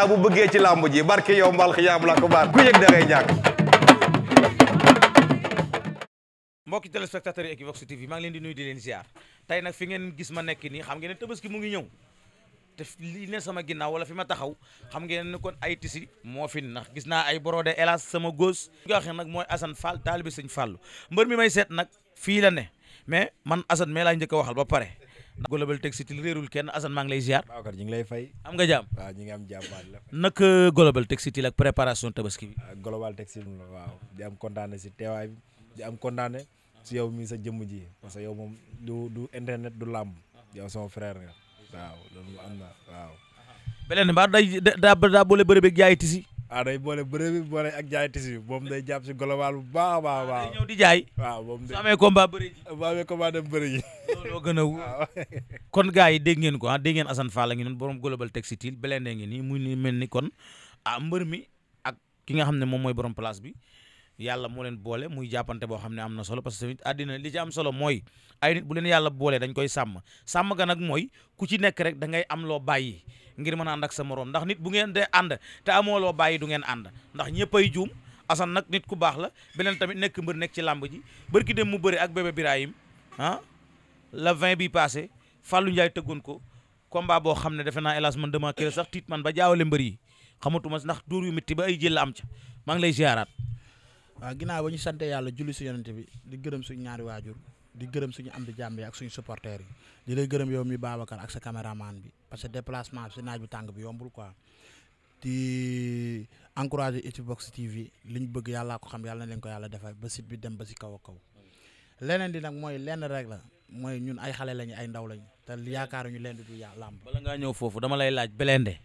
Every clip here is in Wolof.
naa bu bëggee ci làmb ji barke yow mbal xiyaam la ko baar ku yëg da ngay ñàkk mbokki téléspectateurs yi Equivox TV maa ngi leen di nuy di leen ziar tey nag fi ngeen gis ma nekk nii xam ngeen ne tabaski mu ngi ñëw te lii ne sama ginnaaw wala fi ma taxaw xam ngeen ne kon ay tisi moo fi nax gis naa ay brodé hélas sama góos nag mooy Assane Fall taalibi sëñ Fallu mbër mi may seet nag fii la ne mais man Assane mais laa njëkk a waxal ba pare Global Textile réerul kenn Assane maa ngi lay ziar. waaw kat ñu ngi lay fay. am nga jàmm waaw am jàmm naka Global Textile ak préparation tabaski bi. Ah, di am kontaane si teewaay bi di am kontaane si yow mii sa jëmm ji parce que yow moom du du internet du làmb yow sama frère nga waaw loolu am na waaw. beneen daa boole bëri beeg jaay waaw day boole bëre bi boole ak jaay tis bi moom day jàpp si global bu baax a baax. waaw day ñëw di jaay. waaw moom day su amee combat bëri ji. bu amee combat dem bëri ji. looloo gën a wóor kon gars yi dégg ngeen ko ah dégg ngeen Assane Fall a ngi noonu borom global textile beleen ngi nii muy ni mel ni kon ah mbër mi ak ki nga xam ne moom mooy borom place bi. yàlla moo leen boole muy jàppante boo xam ne am na solo parce que tamit àddina li ci am solo mooy ay nit bu leen yàlla boole dañ koy sàmm sàmm ga nag mooy ku ci nekk rek da ngay am loo bàyyi ngir mën a ànd ak sa morom ndax nit bu ngeen dee ànd te amoo loo bàyyi du ngeen ànd ndax ñëppay juum Assane nag nit ku baax la beneen tamit nekk mbër nekk ci làmb ji bërki dem mu bëri ak bébé Birahim ah la 20 bi passé Fallou Ndiaye tëggoon ko combat boo xam ne defe naa hélas man dama kii sax tiit man ba jaawale mbër yi xamatuma ndax dóor yu métti ba ay jël la am ca maa ngi lay ziaraat. waaw ginnaaw ba ñu sant yàlla julli si yonent bi di gërëm suñu ñaari waajur di gërëm suñu am di jàmm yi ak suñu supporters yi di lay gërëm yow mi Babacar ak sa caméraman bi parce que déplacement bi si naaj bu tàng bi yombul quoi di encourager Equivox TV li ñu bëgg yàllaa ko xam yàlla na ko yàlla defal ba site bi dem ba si kaw a kaw leneen di nag mooy lenn rek la mooy ñun ay xale lañu ay ndaw lañu te yaakaaruñu leen di du làmb bala ngaa ñëw foofu dama lay laaj Blindé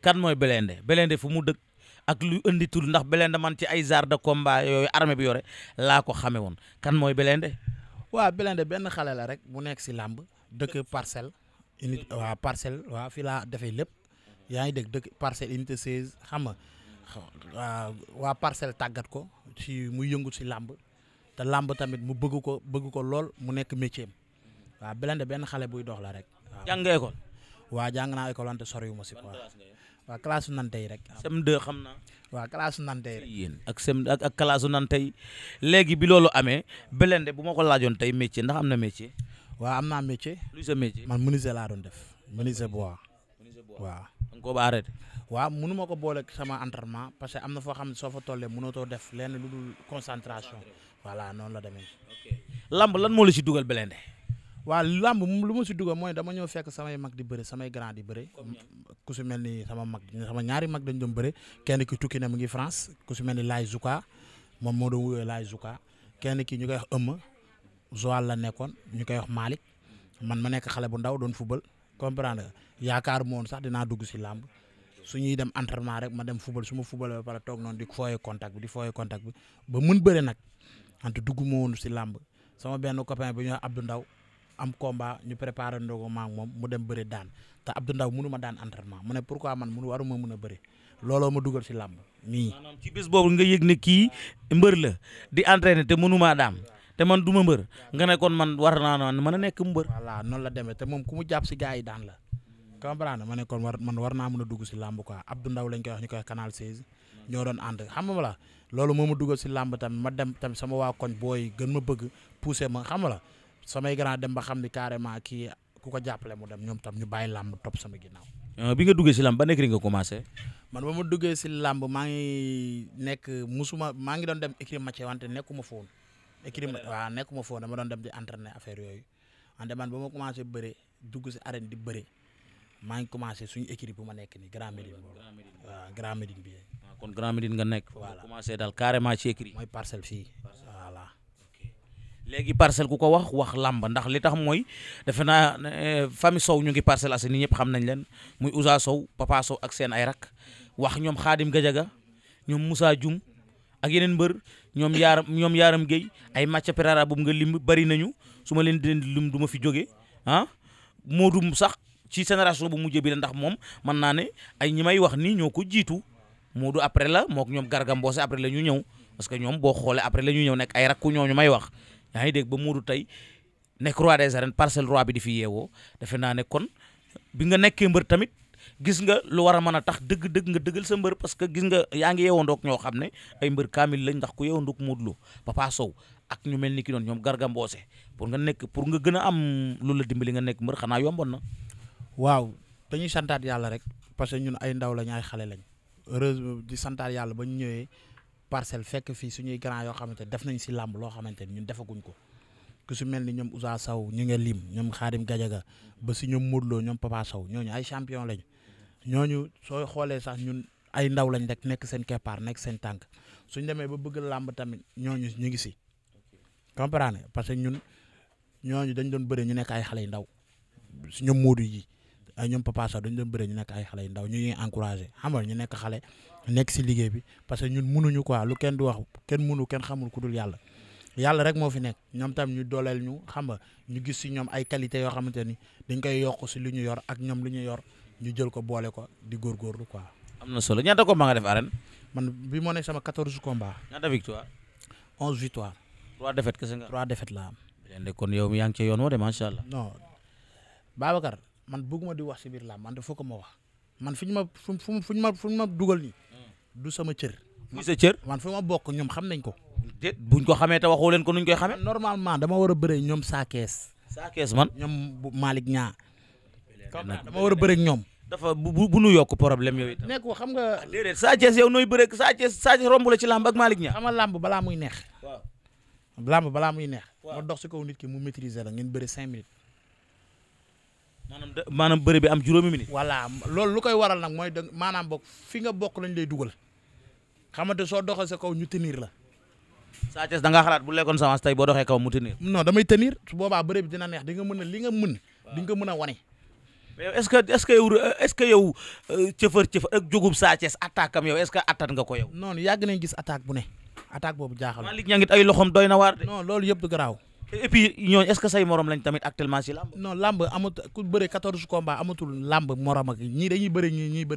kan mooy Blindé Blindé fu mu dëkk ak lu indi tul ndax Blindé man ci ay genre de combat yooyu armée bi yore laa ko xame woon kan mooy Blindé waaw Blindé benn xale la rek mu nekk si làmb dëkk parcelle unité waaw parcelle waaw fii laa defee lépp yaa ngi dégg dëkk parcelle unité 16 xam nga waaw waa parcelle tàggat ko si muy yëngu si làmb te làmb tamit mu bëgg ko bëgg ko lool mu nekk métier waa waaw Blindé benn xale buy dox la rek. jàng nga école. waaw jàng naa école wante soriwuma si quoi. waaw classe nante yi rek. sem 2 xam na waa classe nante yi rek. yéen ak sem ak ak classe léegi bi loolu amee belende bu ma ko laajoon tey métier ndax am na métier. waa am na métier. luy sa métier man menuisier laa doon def menuisier bois. menuisier bois waaw. da nga koo ba waaw mënu ko boole sama entraînement parce que am na foo xam ne soo fa tollee mënatoo def lenn lu dul concentration. voilà noonu la demee. lamb lan moo la si dugal Blindé. waa làmb lu ma si dugga mooy dama ñëw fekk samay mag di bëre samay grand di bëre ku si mel ni sama mag sama ñaari mag dañ doon bëre kenn ki tukki ne mu ngi France ku si mel ni Laay Zouka moom moo doon wuyoo kenn ki ñu koy wax ëmm la nekkoon ñu koy wax Malick man ma nekk xale bu ndaw doon football comprendre yaakaar moon sax dinaa dugg si làmb su ñuy dem entraînement rek ma dem football su ma football ba pare toog noonu di fooyee contact bi di fooyee contact bi ba mën bëre nag ante dugg ma woon si làmb sama benn copain bi ñu ab Abdou Ndaw am combat ñu préparé ndogu ma ak moom mu dem bëri daan te Abdou Ndaw mënu ma daan entraînement ma ne pourquoi man munu waruma mën a bëri looloo ma dugal si làmb nii. maanaam ci bés boobu nga yëg ne kii mbër la di entraîné te mënu maa te man du ma mbër nga ne man war naa naan mën a nekk mbër. voilà noonu la demee te moom ku mu jàpp si gars yi daan la. comprendre ma ne kon war war naa mën a si làmb quoi Abdou Ndaw lañ koy wax ñu koy canal 16 ñoo doon ànd xam nga la loolu moo ma dugal si làmb tamit ma dem tamit sama waa koñ booy gën ma bëgg puuse ma xam nga la samay grand dem ba xam ni carrément kii ku ko jàppale mu dem ñoom tam ñu bàyyi làmb topp sama ginnaaw. Euh, bi nga duggee si làmb ba nekk nga commencé. man ba ma duggee si làmb maa ngi nekk musuma maa ngi doon dem écurie Mathieu ma nekkuma foon. écurie waaw nekkuma foon dama doon dem di entraîner affaire yooyu wante man ba ma commencé bëre dugg si arène di bëre maa ngi commencé suñu écurie bu ma nekk nii Grand Médine boobu waaw bi. Ah, kon Grand nga nekk. voilà commencé daal carrément ci écurie. mooy parcelle fii. léegi parcelle ku ko wax wax làmba ndax li tax mooy defe naa famille Sow ñu ngi Parcelles Assainies ñëpp xam nañ leen muy Ousa Sow Papa Sow ak seen ay rak wax ñoom Xaadim Gajaga ñoom Moussa Dioum ak yeneen mbër ñoom yaaram ñoom yaaram Guèye ay match perara boobu nga lim bari nañu su leen di lim du ma fi jóge ah Modou sax ci génération bu mujj bi ndax moom mën naa ne ay ñi may wax nii ñoo ko jiitu Modou après la mook ñoom Garga Mbossé après la ñu ñëw parce que ñoom boo xoolee après la ñu ñëw nekk ay rakku ñooñu may wax yaa ngi dégg ba Modou tey nekk roi des arènes parcelle roi bi di fi yeewoo defe naa ne kon bi nga nekkee mbër tamit gis nga lu war a mën a tax dëgg-dëgg nga dëggal sa mbër parce que gis nga yaa ngi yeewandoog ñoo xam ne ay mbër kaamil lañ ko ku yeewandoog Modou Lo Papa Sow ak ñu mel ni ki noonu ñoom Garga Mbossé pour nga nekk pour nga gën a am lu la dimbali nga nekk mbër xanaa yomboon na. waaw dañuy santaat yàlla rek parce que ñun ay ndaw lañ ay xale lañ yàlla ba ñu ñëwee parcelle fekk fii suñuy grand yoo xamante def nañ si làmb loo xamante ni ñun defaguñ ko ku si mel ni ñoom Ousa Sow ñu ngi lim ñoom Xaadim Gajaga ba si ñoom Modou Lo ñoom Papa Sow ñooñu ay champion lañ ñooñu soo xoolee sax ñun ay ndaw lañ rek nekk seen keppaar nekk seen tànk suñ demee ba bëgg làmb tamit ñooñu ñu ngi si comprendre parce que ñun ñooñu dañ doon bëre ñu nekk ay xale yu ndaw si ñoom Modou yi ñoom Papa dañ doon bëre ñu nekk ay yu ndaw ñu ngi encouragé xam ñu nekk xale nekk si liggéey bi parce que ñun munuñu quoi lu kenn du wax kenn munu kenn xamul ku dul yàlla yàlla rek moo fi nekk ñoom tam ñu dooleel ñu xam nga ñu gis si ñoom ay qualité yoo xamante ni dañ koy yokk si lu ñu yor ak ñoom lu ñu yor ñu jël ko boole ko di góorgóorlu quoi. am na solo ñaata combat nga ma arène. man ma moo nekk sama quatorze combat. ñaata victoire. onze victoire. trois défaites kese nga. trois défaites la am. léegi kon yow yaa ngi ca yoon woo de macha allah. non ma man bëgguma di wax si biir làmb man de ko ma wax man fu ñu ma fu ñu ma fu ñu ma dugal nii. du sama cër. du sa cër man fu ma bokk ñoom xam nañ ko. buñ ko xamee te waxoo leen ko nuñ koy xamee. normalment dama war a bëree ñoom saakees. saakees man ñoom bu Malick ñaa dama war a bëree ñoom. dafa bu bu nu yokk problème yooyu. nekk ko xam nga. Ah, déedéet saakees yow nooy bëree saakees saakees romb la ci làmb ak Malick ñaa. ma lamb làmb balaa muy neex. waaw làmb balaa muy neex. waaw dox si kaw nit ki mu maîtriser la ngeen bëri cinq minutes. maanaam de maanaam bëri bi am juróomi minutes. voilà loolu lu koy waral nag mooy maanaam boog fi nga bokk lañ lay dugal. xamante soo doxee sa kaw ñu tenir la. Sa Thiès xalaat bu lekkoon semence tey boo doxee kaw mu tenir. non damay tenir su boobaa bëre bi dina neex di nga mën a li nga mën. di nga ko mën a wane. mais est-ce yow euh, cëfër cëfër ak jógub attaque am yow est ko yow. non yàgg nañ gis attaque ne attaque boobu jaaxal. maa ngi it ay loxoom doy na waar de. non loolu yëpp du garaaw. et puis ñooñu est-ce que say morom lañ tamit actuellement ci làmb. non làmb amut ku bëre 14 combats amatul làmb ñii dañuy bëre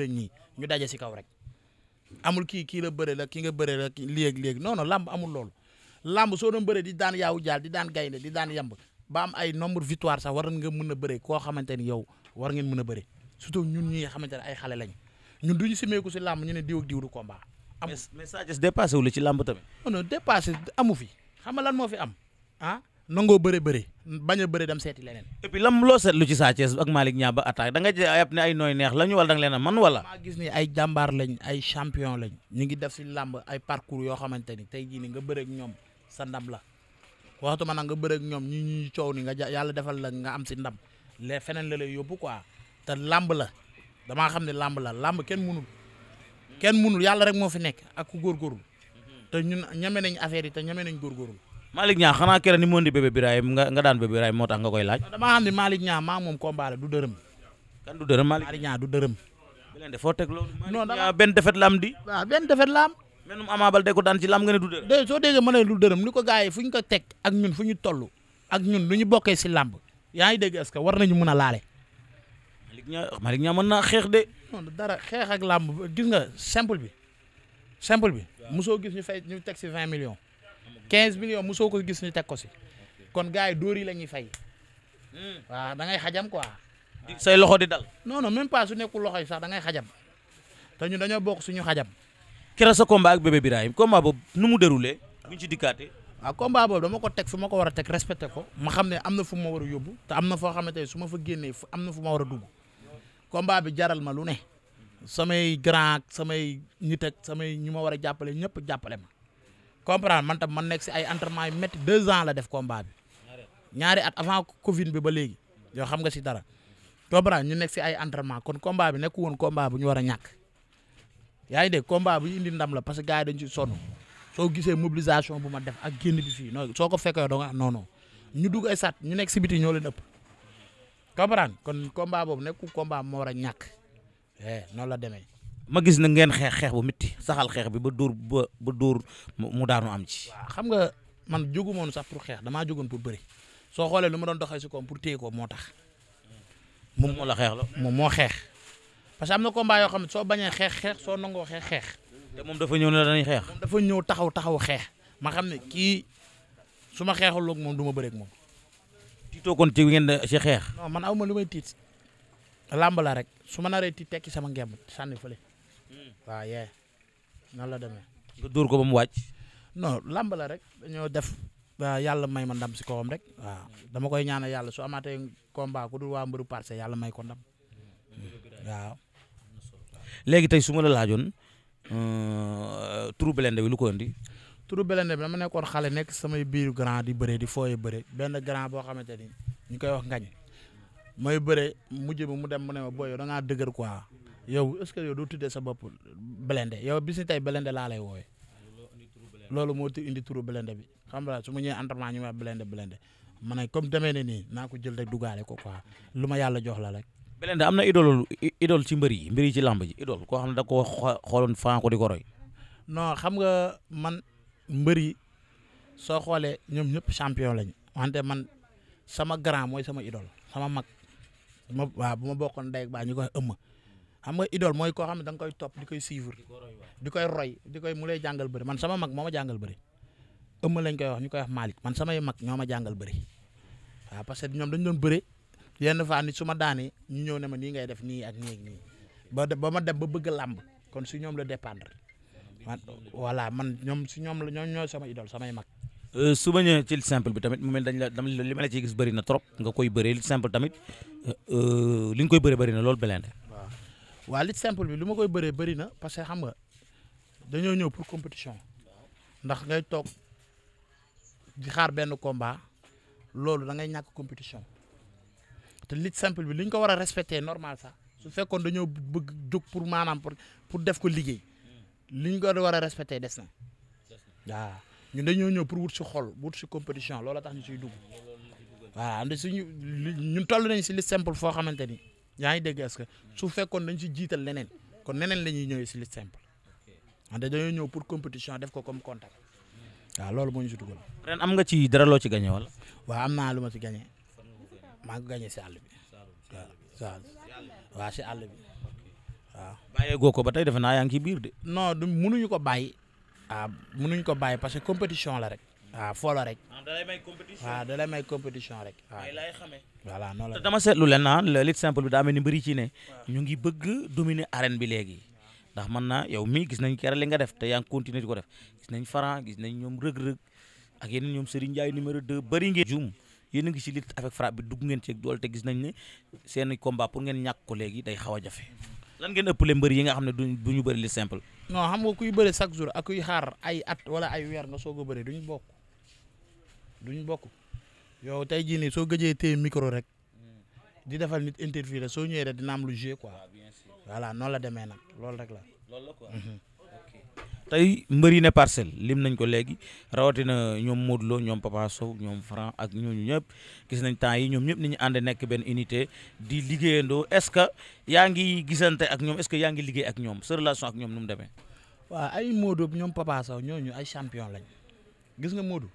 ñii ñu daje ci kaw rek amul kii kii la bëre la ki nga bëre la léeg-léeg non non làmb amul loolu làmb soo doon bëre di daan yaawu jaal di daan gaynde di daan yamb baam am ay nombre victoire sax war nga mun a bëre koo xamante ni yow war ngeen mën a bëre surtout ñun ñi nga xamante ne ay xale lañ ñun duñu simeeku si làmb ñu ne diw ak diw du combat am mais Sa Thiès dépassé wu la ci làmb tamit non non dépassé amu fi xam nga lan moo fi am ah nangoo bëre bëre bañ a bëre dem seeti leneen. et puis lam loo seetlu ci Sa Thiès ak Malick Niang ba attaque da nga jàpp ay nooy neex lañu wala da nga leen a mën wala. maa gis ni ay jàmbaar lañ ay champion lañ ni tey jii ni nga bëre ak ñoom sa ndam la ma nag nga bëre ak ñoom ñu ñu coow ni nga yàlla defal la nga am si ndam les feneen la lay yóbbu quoi te làmb la damaa xam ne làmb la làmb kenn mënul kenn mënul yàlla rek moo fi nekk ak ku góorgóorlu te ñun ñeme nañ affaire yi te ñeme nañ góorgóorlu Malick Niang xanaa kere ni mu indi bébé Birahim nga nga daan bébé Birahim moo tax nga koy laaj. damaa xam ne Malick Niang maa moom combat la du dërëm. kan ñaa du dërëm. bi leen de foo teg loolu. non dama benn defet la am di. waaw benn defet la am. même Ama ko daan ci lam nga ne du dërëm. dé soo déggee ma du dërëm ni ko gars fu ñu ko teg ak ñun fu ñu toll ak ñun lu ñu bokkee si làmb yaa ngi dégg est-ce que war mën a laale. Malick Niang Malick mën naa xeex de. non dara xeex ak làmb gis nga simple bi simple bi. musoo gis ñu fay ñu teg si vingt million 15 millions soo ko gis ñu teg ko si kon gars yi dóor yi la ñuy fay waaw da ngay xajam quoi. say loxo di dal. non non même su nekku loxo yi sax da ngay xajam te ñun dañoo bokk suñu xajam. keroog sa combat ak bébé Birahim combat boobu nu mu déroulé bu ñu ci dikkaatee. waaw combat boobu dama ko teg fu ma ko war a teg respecté ko ma xam ne am na fu ma war a yóbbu te am na foo xamante ne su ma fa génnee am na fu ma war a dugg combat bi jaral ma lu ne samay grand ak samay nit ak samay ñu ma war a jàppale ñëpp jàppale ma. comprendre man man nekk si ay entrement yu métti deux ans la def combat bi ñaari at avant Covid bi ba léegi yoo xam nga si dara comprendre ñu nekk si ay entraînement kon combat bi nekk woon combat bu ñu war a ñàkk yaa ngi dégg combat bu indi ndam la parce que gars yi dañ ci gisee mobilisation bu ma def ak génn bi fii soo ko fekkee doo nga non non sat ñu nekk si biti ñoo leen ëpp comprendre kon combat boobu nekku combat moo war a ñàkk eh, noonu la demee. ma gis na ngeen xeex xeex bu métti saxal xeex bi ba dóor ba ba dóor mu daanu am ci. waaw xam nga man jógu moon sax pour xeex damaa jógoon pour bëri soo xoolee lu ma doon doxee si koom pour ko moo tax. moom moo la xeex la moom moo xeex. parce que am na combat yoo xam ne soo bañee xeex soo nangoo xeex xeex. moom dafa ñëw ne dañuy xeex. dafa ñëw taxaw taxaw xeex ma xam ne kii su ma xeexul ak moom du ma bëreeg moom. tiitoo kon ci ngeen si xeex. non man aw ma lu may tiit làmb rek su ma naree tiit tekki sama ngemb sànni fële. waaw yee noonu la demee. nga ko ba mu wàcc. non làmb la rek dañoo def yàlla may ma ndam si kawam rek waaw dama koy ñaanal yàlla soo amaatee combat ku dul waa mbëru parce yàlla may ko ndam waaw. léegi tey su ma la laajoon euh, turu Blindé bi lu ko indi. turu Blindé bi dama nekkoon xale nekk samay biiru grand di bëre di fooye bëre benn grand boo xamante ni ñu koy wax ngañ mooy bëre mujj bi mu dem mu ne ma booy da dëgër quoi yow est-ce que yow doo tuddee sa bopp Blindé yow bis ni tey Blindé laa lay wooye loolu moo ti indi turu Blindé bi xam nga su ma ñëwee entraînement ñu ma Blindé Blindé ma ne comme demee ne nii naa ko jël rek dugaale ko quoi lu ma yàlla jox la rek. Blindé am na idole idole ci mbër yi mbër yi ci làmb xam ne da koo xooloon fan ko di ko roy. xam nga man mbër soo xoolee ñoom ñëpp champion lañu wante man sama grand mooy sama idole sama mag ma bu ma bokkoon ndey baa ñu koy ëmm xam nga idole mooy koo xam ne da koy topp di koy suivre di koy roy di koy mu lay jàngal bëri man sama mag moo ma jàngal bëri ëmm lañ koy wax ñu koy wax Malick man samay mag ñoo ma jàngal bëri waaw parce que ñoom dañ doon bëri yenn fois nit su ma daanee ñu ñëw ne ma nii ngay def nii ak nii ak nii ba ba ma dem ba bëgg a làmb kon su ñoom la dépendre man voilà man ñoom su ñoom la ñoom ñooy sama idole samay mag. Euh, su ma ñëwee ci simple bi tamit mu mel dañ la li ma la ciy gis bëri na trop nga koy bëree lutte simple tamit euh, li nga koy bëree bëri na lool Blindé. waa lutte simple bi lu ma koy bëree bëri na parce que xam nga dañoo ñëw pour compétition ndax ngay toog di xaar benn combat loolu da ngay ñàkk compétition te lit simple bi li ñu ko war a respecter normal sax su fekkoon dañoo bëgg jóg pour maanaam pour pour def ko liggéey li ñu ko war a respecter des na waaw ñun dañoo ñëw pour wut si xol wut si compétition loolu tax ñu siy dugg waaw ndax suñu ñun toll nañ si lutte simple foo xamante ni. yaa ngi dégg est-ce que su fekkoon dañ si jiital leneen kon neneen la ñuy ñëwee si lutte simple wante dañoo ñëw pour compétition def ko comme contact waa loolu moo ñu si dugal. ren am nga ci dara ci gagné wala. waaw am naa lu ma ci gagné maa ngi si àll bi waaw waaw si àll bi waaw. bàyyee goo ko ba tey defe naa yaa ngi ci biir de. non du mënuñu ko bàyyi. ah mënuñ ko bàyyi parce que compétition la rek. waaw ah, folo rek. ah da lay may ah, da lay may compétition rek. waaw ah, mais lay xamee. voilà noonu la dama seetlu leen ah le lutte simple bi daa mel ni mbëri ci ne. ñu ngi bëgg dominer arène bi léegi. ndax mën naa yow mii gis nañ keroog li nga def te yaa ngi continuer di ko def gis nañ Franc gis nañ ñoom rëg-rëg ak yeneen ñoom Serigne Ndiaye numéro 2 bëri ngeen juum yéen a ngi si lit avec Franc bi dugg ngeen ci ak doole te gis nañ ne seen combat pour ngeen ñàkk ko léegi day xaw a jafe. lan ngeen ëpp leen mbër yi nga xam ne duñ du ñu bëri li simple. non xam nga kuy bëri chaque jour ak xaar at wala ay weer nga soog a duñu bokk ñu bokk yow tey jii nii soo gëjee téye micro rek di defal nit interview rek soo ñëwee rek di am lu joué quoi ah, voilà noonu la demee nag loolu rek la. loolu la quoi. Mhm. tey mbër yi ne parcelle lim nañ ko léegi rawatina ñoom Modou Lo ñoom Papa Sow ñoom Franc ak ñooñu ñëpp gis nañ temps yi ñoom ñëpp ni ñu ànd nekk benn unité di liggéeyandoo est-ce que yaa ngi gisante ak ñoom est-ce que yaa ngi liggéey ak ñoom sa relation ak ñoom nu mu demee. waaw ay Modou ñoom Papa Sow ñooñu ay champion lañ gis nga Modou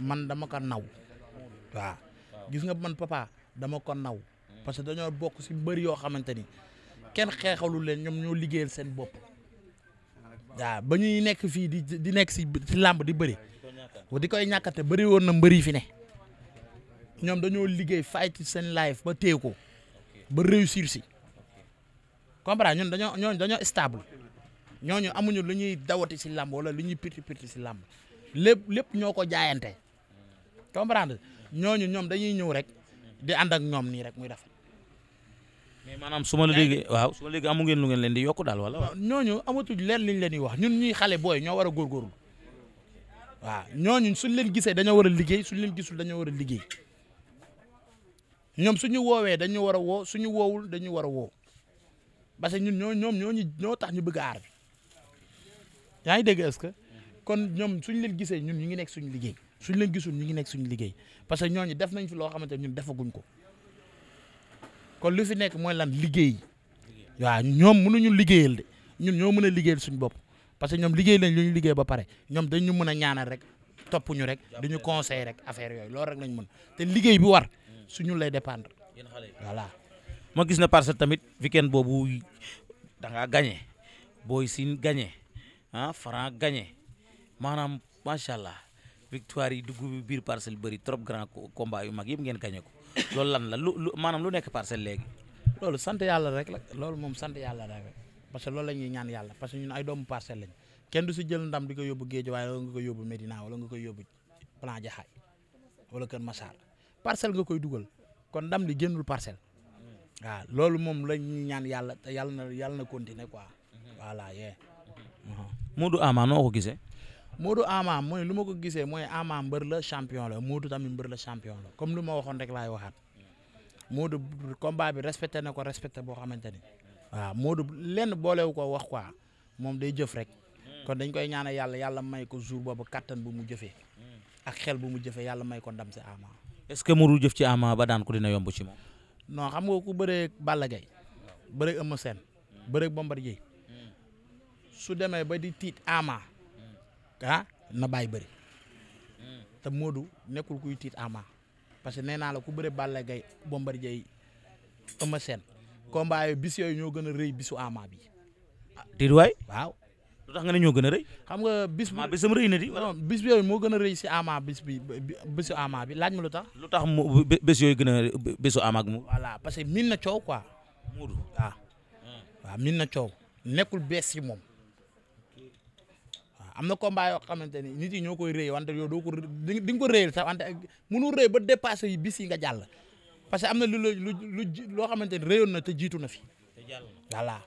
man dama ko naw waaw gis nga man papa dama ko naw parce que dañoo bokk si bëri yoo xamante ni kenn xeexalu leen ñoom ñoo liggéey seen bopp waaw ba ñuy nekk fii di di nekk si làmb di bëri di koy ñàkkate bëri woon na mbëri fi ne ñoom dañoo liggéey fight seen lay ba téye ba réussir si comprendre ñun dañoo ñooñu dañoo stable ñooñu amuñu lu ñuy dawati si làmb wala lu ñuy pirti pirti si làmb lépp lépp ñoo ko jaayante ñoo ñu ñoom dañuy ñëw rek di ànd ak ñoom nii rek muy def. mais maanaam su ma la waaw su ma la déggee amu ngeen lu ngeen leen di yokk daal wala. ñooñu amatuñ leen liñ leen di wax ñun ñuy xale booy ñoo war a góorgóorlu waaw ñooñu suñ leen gisee dañoo war a liggéey suñ leen gisul dañoo a liggéey ñoom suñu woowee dañu war a woo suñu woowul dañu war a woo parce que ñun ñoo ñoom ñooñu ñoo tax ñu bëgg aar bi yaa ngi dégg est-ce kon ñoom suñ leen gisee ñun ñu ngi nekk suñu liggéey suñ leen gisul ñu ngi nekk suñu liggéey parce que ñooñu def nañ fi loo xamante ñun defaguñ ko kon lu fi nekk mooy lan liggéey waaw ñoom mënuñu liggéeyal de ñun ñoo mën a liggéeyal suñu bopp parce que ñoom liggéey lañ lu ñu liggéey ba pare ñoom dañu mën a ñaanal rek topp ñu rek ñu conseil rek affaire yooyu loolu rek lañ mën te liggéey bu war suñu lay dépendre voilà. ma gis na parce que tamit weekend boobu danga ngaa gagné Boy Sine ah Franc gañe maanaam macha allah. victoire yi dugg biir parcelle bëri trop grand combat yu mag yëpp ngeen gañe ko loolu lan la lu lu maanaam nekk parcelle léegi. loolu sant yàlla rek la loolu moom sant yàlla rek parce que loolu la ñuy ñaan yàlla parce que kenn du si jël ndam di ko yóbbu géej waaye nga ko yóbbu Medina wala nga ko yóbbu Plan Jaxaay wala Kër Massar parcelle nga koy dugal kon ndam li génnul parcelle waaw loolu moom la ñuy ñaan yàlla yàlla na yàlla na continuer quoi mhm. voilà. Mhm. Modou noo ko gisee. Modou Ama mooy lu ma ko gisee mooy Ama mbër la champion la Modou tamit mbër la champion la comme lu ma waxoon rek laay waxaat Modou combat bi respecté na ko respecté boo xamante ni waaw Modou lenn boolewu ko wax quoi moom day jëf rek kon dañ koy ñaanal yàlla yàlla may ko jour boobu kattan bu mu jëfee ak xel bu mu jëfee yàlla may ko ndam si Ama. est-ce que Modou jëf ci Ama ba daan ko dina yomb ci moom. non xam nga ku bëree Balla Gaye bëree Eumeu Sène bëree Bombardier su demee ba di tiit Ama. ah na bàyyi bëri te Modou nekkul kuy tiit Ama parce que nee naa la ku bëre Balla Gaye Bombardier Eumeu Sène combat yooyu bis yooyu ñoo gën a rëy bisu Ama bi. Ah. waay waaw. lu tax ñoo gën a rëy. xam nga bis. ma bisam bis moo gën a rëy si bis bi bisu Ama laaj ma lu tax. lu tax mu bés yooyu gën a bésu Ama ak mu. voilà parce que miin na coow quoi. Modou ah. waaw. miin na coow nekkul bees si moom. am na combat yoo xamante ni nit yi ñoo koy rëy wante yow doo ko di nga ko rëyal sax wante ba dépassé yi yi nga jàll parce que am na lu lu lu loo xamante ni rëyoon na te jiitu na fi voilà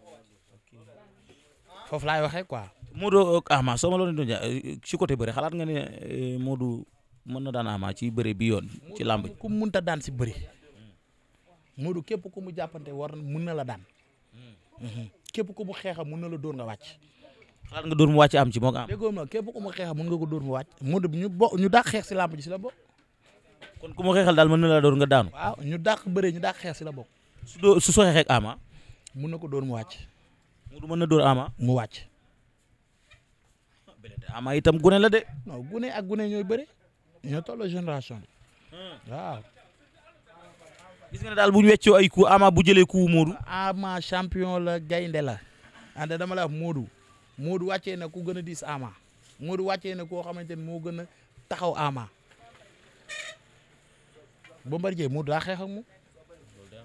foofu laay waxee quoi. Modou euh, ak euh, ci côté bëri xalaat nga ne euh, Modou mën na daan Ama ci bëri bi yoon. ci làmb ji mënta daan si bëri. Hmm. Modou képp ku mu jàppante war mën na la daan. Hmm. Mhm. képp ku mu xeexa mën na la doon nga wàcc. xalaat nga dóor mu wàcc am ci moo ko am. déggoo ma képp ku ma xeexal mën nga ko dóor mu wàcc. mu ñu bo ñu dàq xeex si làmb ji si la bokk. kon ku ma xeexal daal mën na la dóor nga daanu. waaw ñu dàq bëre ñu dàq xeex si la bokk. su doo su soo xeexee ak Ama. mën na ko dóor mu wàcc. mu du mën na dóor Ama. mu wàcc. Ama itam gune la de. non gune ak gune ñooy bëre. ñoo tolloo génération bi. Hmm. waaw. gis nga ne daal bu ñu weccoo ay coup Ama bu jëlee coup Modou. Ama champion la gaynde la. ande dama la wax Modou Modou wàccee na ku gën a diis Ama Modou wàccee na koo xamante ni moo gën a taxaw Ama Bombardier Modou daa xeex ak moom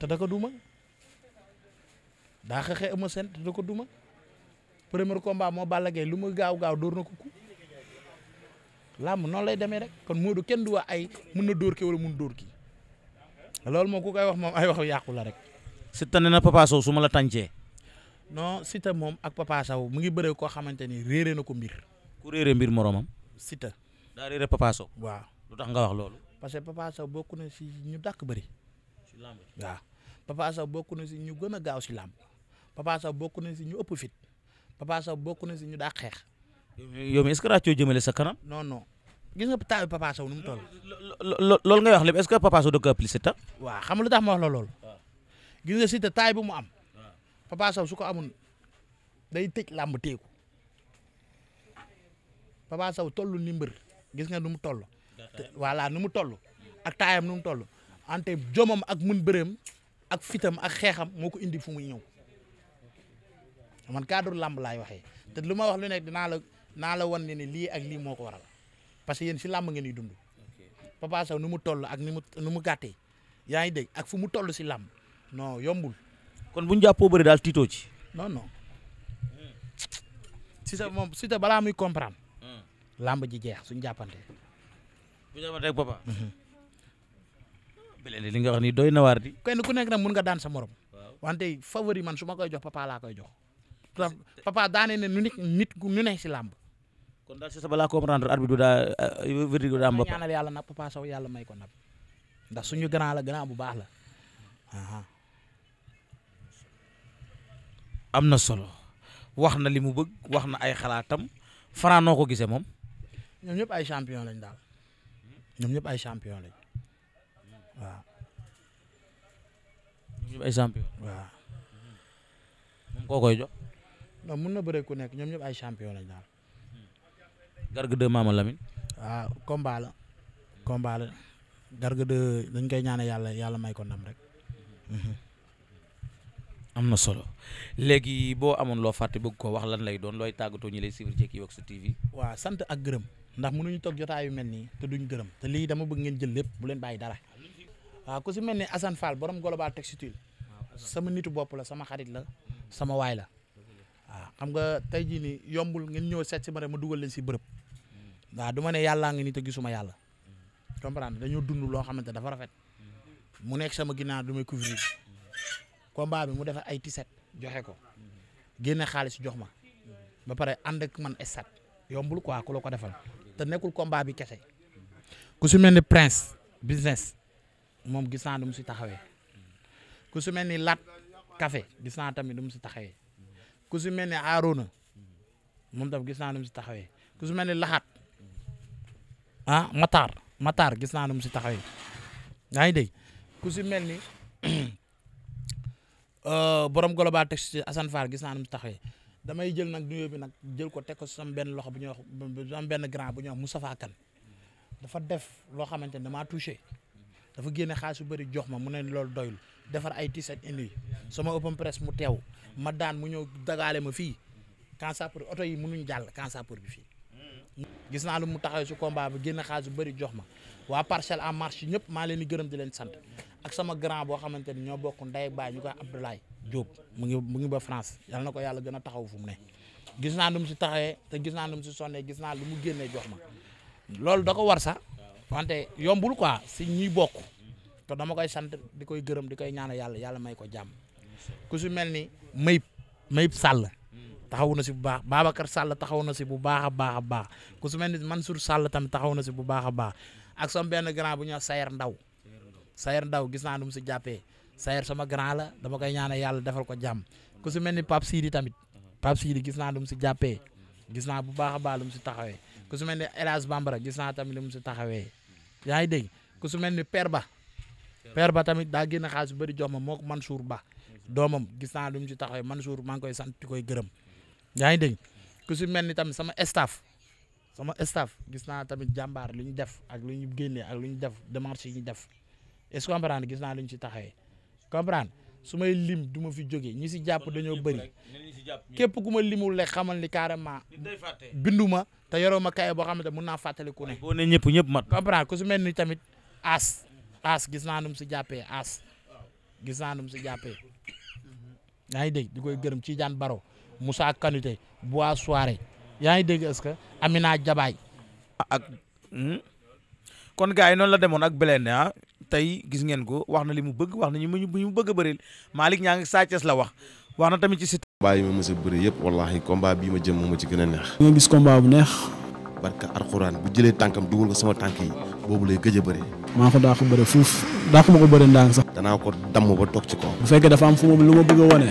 te da ko duma daa xeexee Eumeu Sène te da ko duma premier combat moo Balla Gaye lu ma gaaw gaaw dóor na ko ku làmb noonu lay demee rek kon Modou kenn du wax ay mun na dóor kii wala mun dóor ki loolu moom ku kay wax moom ay wax yàqu la rek. si ne na Papa Sow su ma la tàncee. non Siteu moom ak Papa Sow mu ngi bëree koo xamante ni réere na ko mbir. ku réere mbir moromam. Siteu. daa réere Papa Sow. waaw lu tax nga wax loolu. parce que Papa Sow na si ñu dàq bëri. si làmb waaw Papa Sow bokk na si ñu gën gaaw si làmb. Papa bokk na si ñu ëpp fit. Papa Sow bokk na si ñu dàq xeex. yow mi est-ce que sa kanam. non non gis nga taayu Papa Sow nu mu toll. loolu ngay wax lépp est-ce que Papa Sow da ko appeler Siteu. waaw xam lu tax ma wax lool loolu. gis nga Siteu taay bu mu am. Papa Sow su ko amul day tëj làmb téeku Papa Sow toll ni gis nga nu mu toll. voilà nu mu toll ak taayam nu mu toll ante jomam ak mun bëreem ak fitam ak xeexam moo ko indi fu muy ñëw man cadre làmb laay waxee te lu ma wax lu nekk dinaa la naa la wan ne ne lii ak lii moo ko waral parce que yéen si làmb ngeen di dund. Papa Sow nu mu toll ak ni mu nu mu gàttee yaa ngi dégg ak fu mu toll si làmb non yombul. kon bu ñu jàppoo bëri daal tiitoo ci. non non Siteu moom Siteu balaa muy comprendre. Hmm. làmb ji jeex suñu jàppante. bu mhm. ah, li nga wax ni doy na waar di. kenn ku nekk nag mun nga daan sa morom. wante favori man su ma koy jox papa laa koy jox. papa daane ne nu nit nit si làmb. kon daal si sa balaa comprendre arbitre daa eh, eh, verdict daa am ba ñaanal yàlla nag yàlla may ko nag ndax suñu ganaa la grand bu baax la. am na solo wax na li mu bëgg wax na ay xalaatam Franc ko gisee moom. ñoom ñëpp ay champion lañ daal ñoom ñëpp ay champion lañ waaw. ñoom moom koo koy jox. non mun na bëre ku nekk ñoom ñëpp ay champion lañ daal. Garga 2 Mama Lamine. waaw combat la. combat dañ koy ñaane yàlla yàlla may ko ndam rek. Mhm. am na solo léegi boo amoon loo fàtte bëgg ko wax lan lay doon looy tàggatoo ñu lay suivre Equivox TV. waaw sant ak gërëm ndax mënuñu toog jotaay yu mel nii te duñ gërëm te lii dama bëgg ngeen jël lépp bu leen bàyyi dara waaw ku si mel ni Assane Fall borom Global Textile sama nitu bopp la sama xarit la sama waay la waaw xam nga tey jii nii yombul ngeen ñëw seet si ma ma dugal leen si bërëb waaw du ma ne yàllaa ngi nii te gisuma yàlla comprendre dañoo du combat mu defar ay tiset joxe ko génne xaalis jox ma ba pare ànd ak man estat yombul quoi ku la ko defal te nekkul combat bi kese ku su mel ni prince business moom gis naa mu si taxawee ku su mel ni lat café gis naa tamit du si taxawee ku su mel ni aarona moom tam gis naa nu mu si taxawee ku su mel ni laxaat ah Matar Matar gis naa nu mu si taxawee yaa ngi ku si mel ni Euh, borom global textile Assane Fall gis naa nu mu taxawee damay jël nag nuyoo bi nag jël ko teg ko sama benn loxo bu ñuy wax sama benn grand bu ñuy mu Moustapha Kane dafa def loo xamante ne damaa touché dafa génne xaalis su bëri jox ma mu ne loolu doyul defar ay t sama open mu teew ma daan mu ñëw dagaale ma fii cancer pour oto yi mënuñ jàll cancer pour bi fii. gis naa lu mu taxawee si combat bi génne xaalis bëri jox ma waa parcelle en marche ñëpp maa leen di gërëm di leen sant ak sama grand boo xamante ni ñoo bokk ndey baay ñu koy Abdoulaye Diop mu ngi ba France yal na ko yàlla gën a taxaw fu mu ne gis naa lu mu si taxawee te gis naa lu mu si sonnee gis naa lu mu génnee jox ma loolu da war sax wante yombul quoi si ñuy bokk te dama koy sant di koy gërëm di koy ñaanal yàlla yàlla may ko jàmm ku si mel ni Mayib Mayib Sall taxaw na si bu baax Babacar Sall taxaw na si bu baax a baax a ku si mel ni man Mansour Sall tamit taxaw na si bu baax a baax ak sama benn grand bu ñuy wax Ndaw Sayer Ndaw gis naa nu mu si jàppee Sayer sama grand la dama koy ñaanal yàlla defal ko jàmm ku si mel ni Pape Sidi tamit Pape Sidi gis naa nu mu si jàppee gis naa bu baaxa a lu mu si taxawee ku si mel ni El Hadj Bambara gis naa tamit lu mu si taxawee yaa ngi dégg ku si mel ni Père Ba Père Ba tamit daa génn xaalis bu bëri jox moo ko Mansour Ba doomam gis naa lu mu si taxawee Mansour maa ngi koy sant di koy gërëm yaa ngi dégg ku mel ni tamit sama staff sama staff gis naa tamit jàmbaar lu ñu def ak lu ñu génnee ak lu ñu def démarche yi ñu def est-ce que comprendre gis naa lu ñu ci taxawee comprendre su may lim du ma fi joge ñi si jàpp dañoo bëri képp ku ma limul rek xamal ni carrément bindu ma te yoroo ma kaye boo xamante mun naa fàttali ku ne. boo ne ñëpp ñëpp mat. comprendre ku tamit as as gis naa nu si jàppee as gis naa nu mu si jàppee yaa ngi dégg di koy gërëm ci Jaan Baro Moussa Kanute Bois Soirée yaa ngi dégg hmm? kon gars yi la demoon ak Blindé ah tey gis ngeen ko wax na li mu bëgg wax na ñu mu ñu bëgg a bëreel Malick ñaa ngi Sa Thiès la wax wax na tamit ci Siteu. combat yi ma mës bëri yëpp wallaahi combat bii ma jëm moo ma ci a neex. nga gis combat bu neex. barka alxuraan bu jëlee tànkam dugal ko sama tànk yi boobu lay gëj a bëri. maa ko daa bëri fuuf daa ko ma ko bëri ndànk sax. danaa ko damm ba toog ci kaw. bu fekkee dafa am fu mu lu ma bëgg a wane